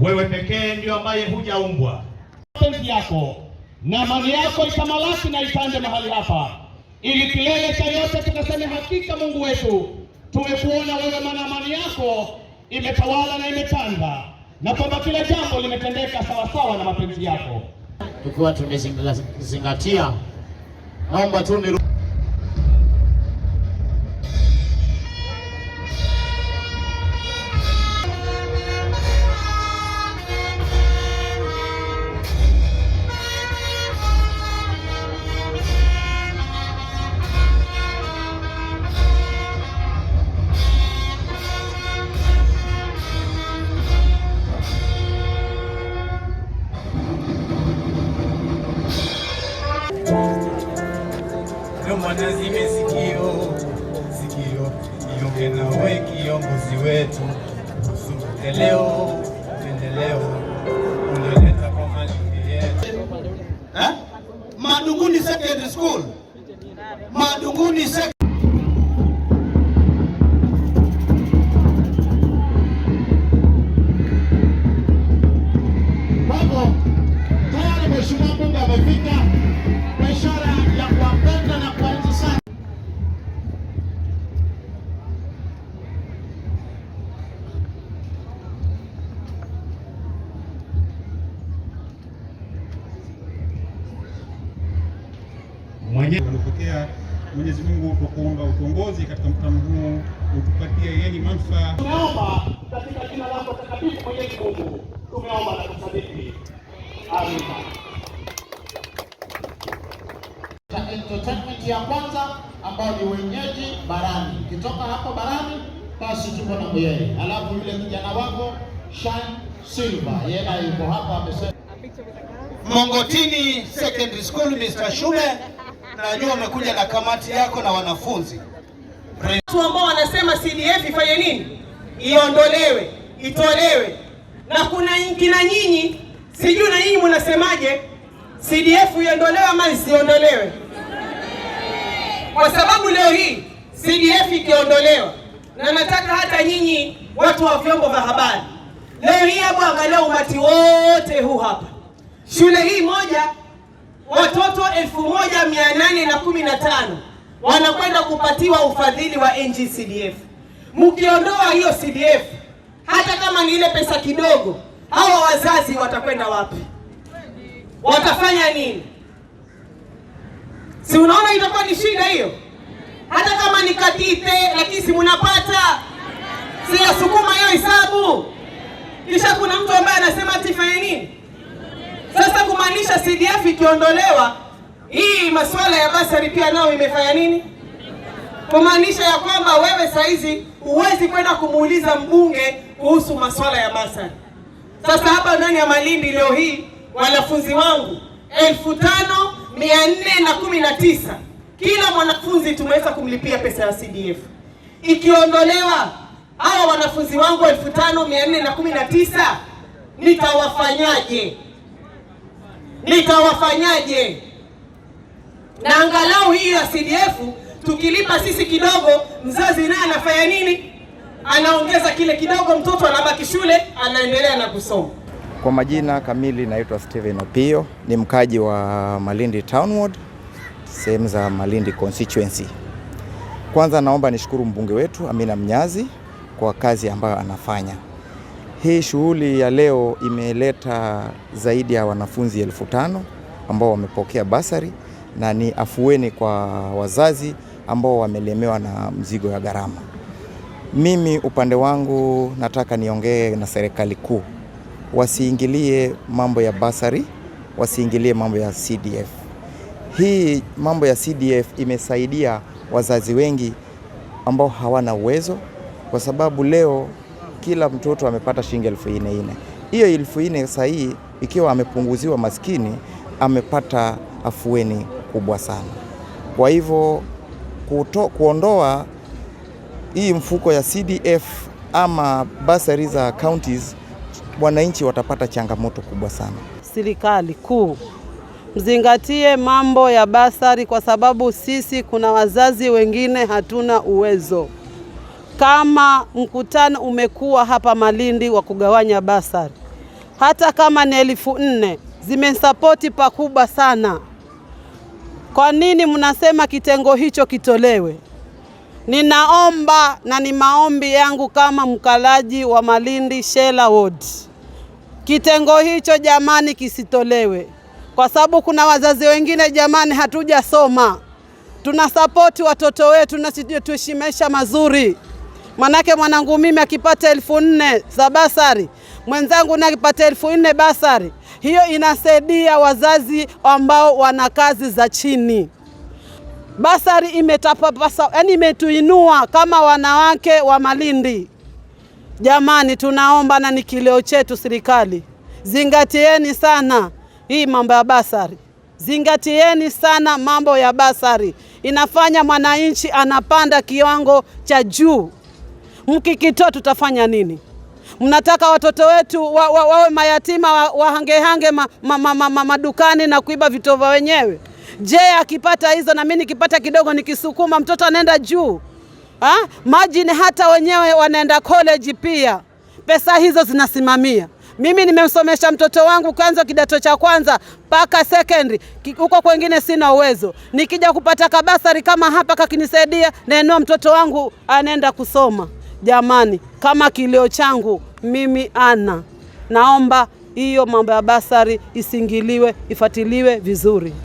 wewe pekee ndio ambaye hujaumbwa. Mapenzi yako na mali yako itamalaki na itande mahali hapa, ili kilele cha yote tukaseme hakika Mungu wetu tumekuona wewe, maana amani yako imetawala na imetanda, na kwamba kila jambo limetendeka sawasawa na mapenzi yako, tukiwa tumezingatia. Naomba tu sana zime sikio sikio iunge nawe kiongozi wetu usuuteleo upendeleo ulioleta kwa malingi yetu eh? Secondary School Madunguni kumtegemea Mwenyezi Mungu kwa kuomba utongozi katika mkutano huu utupatie yenye manufaa. Tumeomba katika jina lako takatifu Mwenyezi Mungu, tumeomba na kusadiki. Amina. Entertainment ya kwanza ambayo ni wenyeji barani. Ukitoka hapo barani, basi tuko na yeye, alafu yule kijana wako Shine Silva, yeye yuko hapa amesema Mongotini Secondary School Mr. Shume najua umekuja na kamati yako na wanafunzi watu ambao wanasema CDF ifanye nini, iondolewe, itolewe. Na kuna kina nyinyi, sijui na nyinyi mnasemaje, CDF iondolewe ama isiondolewe? Kwa sababu leo hii CDF ikiondolewa, na nataka hata nyinyi watu wa vyombo vya habari leo hii hapo, angalia umati wote huu hapa, shule hii moja watoto elfu na kumi na wanakwenda kupatiwa ufadhili wa ngcdf Mkiondoa hiyo CDF, hata kama ni ile pesa kidogo, hawa wazazi watakwenda wapi? Watafanya nini? Si unaona itakuwa ni shida hiyo. Hata kama ni katite, lakini si mnapata si yasukuma hiyo hesabu. Kisha kuna mtu ambaye anasema atifanye nini? Sasa kumaanisha CDF ikiondolewa, hii masuala ya basari pia nao imefanya nini? Kumaanisha ya kwamba wewe saizi huwezi kwenda kumuuliza mbunge kuhusu masuala ya basari. Sasa hapa ndani ya Malindi leo hii wanafunzi wangu elfu tano mia nne na kumi na tisa kila mwanafunzi tumeweza kumlipia pesa ya CDF. Ikiondolewa hawa wanafunzi wangu elfu tano mia nne na kumi na tisa nitawafanyaje? nitawafanyaje? Na angalau hii ya CDF tukilipa sisi kidogo, mzazi naye anafanya nini? Anaongeza kile kidogo, mtoto anabaki shule, anaendelea na kusoma. Kwa majina kamili naitwa Steven Opio, ni mkaji wa Malindi Town Ward, sehemu za Malindi constituency. Kwanza naomba nishukuru mbunge wetu Amina Mnyazi kwa kazi ambayo anafanya. Hii shughuli ya leo imeleta zaidi ya wanafunzi elfu tano ambao wamepokea basari na ni afueni kwa wazazi ambao wamelemewa na mzigo ya gharama. Mimi upande wangu nataka niongee na serikali kuu, wasiingilie mambo ya basari, wasiingilie mambo ya CDF. Hii mambo ya CDF imesaidia wazazi wengi ambao hawana uwezo, kwa sababu leo kila mtoto amepata shilingi elfu nne nne. Hiyo elfu nne sasa ikiwa amepunguziwa, maskini amepata afueni kubwa sana. Kwa hivyo kuto, kuondoa hii mfuko ya CDF ama basari za counties, wananchi watapata changamoto kubwa sana. Serikali kuu mzingatie mambo ya basari, kwa sababu sisi kuna wazazi wengine hatuna uwezo kama mkutano umekuwa hapa Malindi wa kugawanya basari, hata kama ni elfu nne zimesapoti pakubwa sana. Kwa nini mnasema kitengo hicho kitolewe? Ninaomba na ni maombi yangu kama mkalaji wa Malindi Shela Ward, kitengo hicho jamani kisitolewe, kwa sababu kuna wazazi wengine jamani, hatujasoma tunasapoti watoto wetu na tuheshimesha mazuri Manake mwanangu mimi akipata elfu nne za basari, mwenzangu naye akipata elfu nne basari, hiyo inasaidia wazazi ambao wana kazi za chini. Basari imetapapasa, yani imetuinua kama wanawake wa Malindi. Jamani, tunaomba na ni kilio chetu, serikali zingatieni sana hii mambo ya basari, zingatieni sana mambo ya basari, inafanya mwananchi anapanda kiwango cha juu mkikitoa tutafanya nini? Mnataka watoto wetu wa, wa, wawe mayatima wahangehange wa ma, ma, ma, ma, madukani na kuiba vitova wenyewe? Je, akipata hizo na mimi nikipata kidogo nikisukuma, mtoto anaenda juu ha? Majini hata wenyewe wanaenda college pia, pesa hizo zinasimamia mimi nimemsomesha mtoto wangu kwanza kidato cha kwanza mpaka secondary, huko kwengine sina uwezo. Nikija kupata kabasari kama hapa kakinisaidia, nainua mtoto wangu anaenda kusoma. Jamani, kama kilio changu mimi ana naomba hiyo mambo ya basari isingiliwe, ifuatiliwe vizuri.